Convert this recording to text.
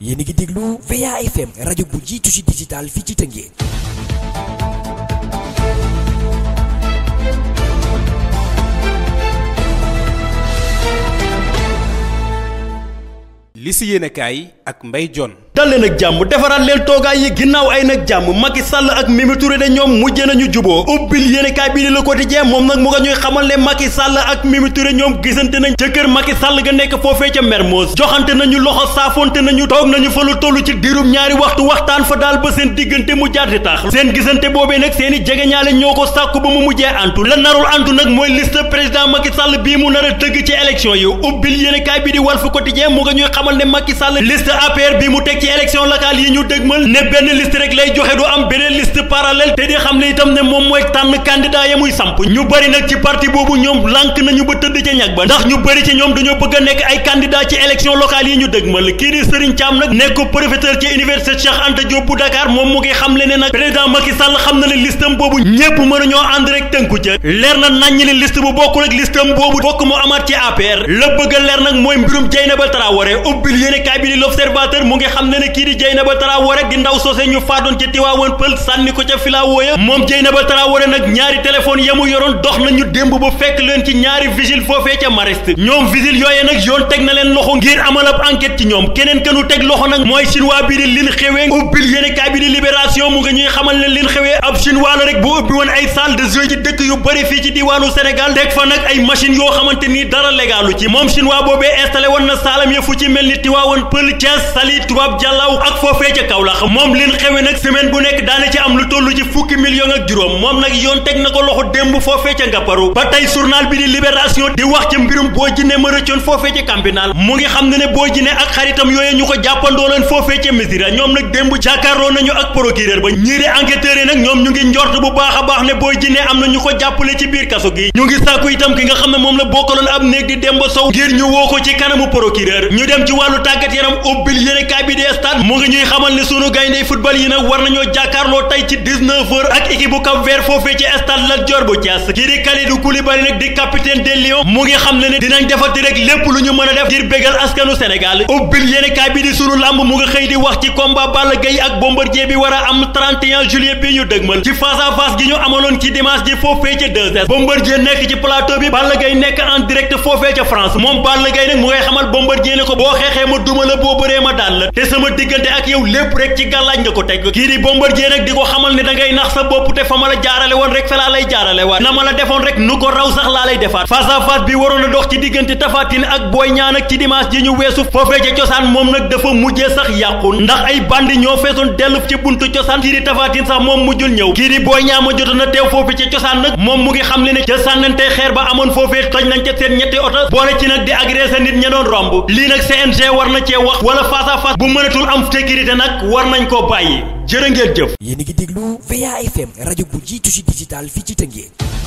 yéen a ngi déglu VA FM rajo bu jiitu ci digital fii ci Tëngéej li si yéenekaay ak Mbaye Dione dal leen ak jàmm defaraat leen toogaay yi ginnaaw ay nag jàmm Macky Sall ak Mimi Touré de ñoom mujje nañu juboo ubbil yéenekaay bii di Le Quotidien moom nag mu nga ñuy xamal ne Macky Sall ak Mimi Touré ñoom gisante nañ ca kër Macky Sall ga nekk foofee ca Mermoz joxante nañu loxo saafonte nañu toog nañu fa lu toll ci diirum ñaari waxtu waxtaan fa daal ba seen diggante mu jaardi taax seen gisante boobee nag seen i jegeñaale ñoo ko sàkku ba mu mujjee antu la a tëgg élection locale yi ñu dëgmal ne benn liste rek lay joxe du am beneen liste parallèle te di xam ne itam ne moom mooy tànn candidat ya muy samp ñu bëri nag ci parti boobu ñoom lànk nañu ba tëdd ca ñag ba ndax ñu bëri ci ñoom dañoo bëgg a nekk ay candidat ci élection locale yi ñu dëgmal kii di Serigne nag nekk ko professeur ci université Cheikh Anta Diop bu Dakar moom mu ngi xam le ne nag président Macky Sall xam na ne listam boobu ñépp mën a ñoo ànd rek tënku na naññ ne liste bu bokkul ak listam boobu bokk mu amaat ci xam ne ne kii di Dieynaba ba fekk ñaari vigile foofee ca Mariste ñoom vigile yooye nag yoon teg na leen loxo ngir amal ab enquête ci ñoom keneen kanu teg loxo nag mooy chinois bi di lin xewee ubbil yéenekaay bi di libération mu nga ñuy xamal ne lin xewee ab chinois la rek bu ubbi woon ay salle de jeu ci dëkk yu bëri fii ci diwaanu Sénégal teg fa nag ay machines yoo xamante ni dara légalu ci moom chinois boobee installé woon na saalam ya fu ci mel ni Tiwaawoon pël Thiès Saly Toubab jàllaw ak foofee ca Kaolack moom leen xewe nag semaine bu nekk daana ci am lu toll ci fukki million ak juróom moom nag yoon teg na ko loxo démb foofee ca ngapparu ba tey journal bi di libération di wax ci mbirum boo jinne ma rëccoon foofee ca kambinaal mu ngi xam ne ne boo jinne ak xaritam yooyu ñu ko jàppandoo leen foofee ca misira ñoom nag démb jàkkaarloo nañu ak procureur ba ñii di enquêteurs yi nag ñoom ñu ngi njort bu baax a baax ne boo jinne am na ñu ko jàppale ci biir kaso gi ñu ngi sàkku itam ki nga xam ne moom la bokkaloon ab néeg di Demba Sow ngir woo ko ci kanamu procureur ñu dem ci wàllu tàggat yaram ubbil bi stade mu ngi ñuy xamal ne sunu gaynde football yi nag war nañoo jàkkaarloo tey ci 19 heures ak équipe bu foofee ci stade Lat Dior bu Thiès kii di Kalidou Koulibaly nag di capitaine des Lions mu ngi xam ne ne dinañ defati rek lépp lu ñu mën a def ngir bégal askanu Sénégal ubbil yéenekaay bi di sunu lamb mu nga xëy di wax ci combat Balla Gaye ak Bombardier bi war am 31 bi ñu dëgmal ci face à gi ñu amaloon ci dimanche ji foofee ca Bombardier nekk ci plateau sama digënté ak yow lépp rek ci gàllaaj nga ko teg ki di bombardier nak diko xamal ni da ngay nax sa bop te fama la jaaralé won rek fa laa lay jaaralé wat na la rek nuko raw sax la lay defaat face à face bi warona dox ci digënté tafatin ak boy ñaan ak ci dimanche ji ñu weesu fofé ci ciosan mom nak dafa mujjé sax yaqku ndax ay bandi ño feesoon delu ci buntu ciosan kii di tafatin sax mom mujjul ñew ki di boy ñaan ma jottuna a fofé ci ciosan nak mom mu ngi xam li ne ci sangante xeer ba amon fofé toj nañ ci seen ñetti oto ci nak di agresser nit rombu li nak CNG war na ci wax wala face à face bu moytul am sécurité nag war nañ koo bàyyi jërë ngeen jëf. yéen a ngi déglu VA FM rajo bu jiitu si digital fii ci Tëngéej.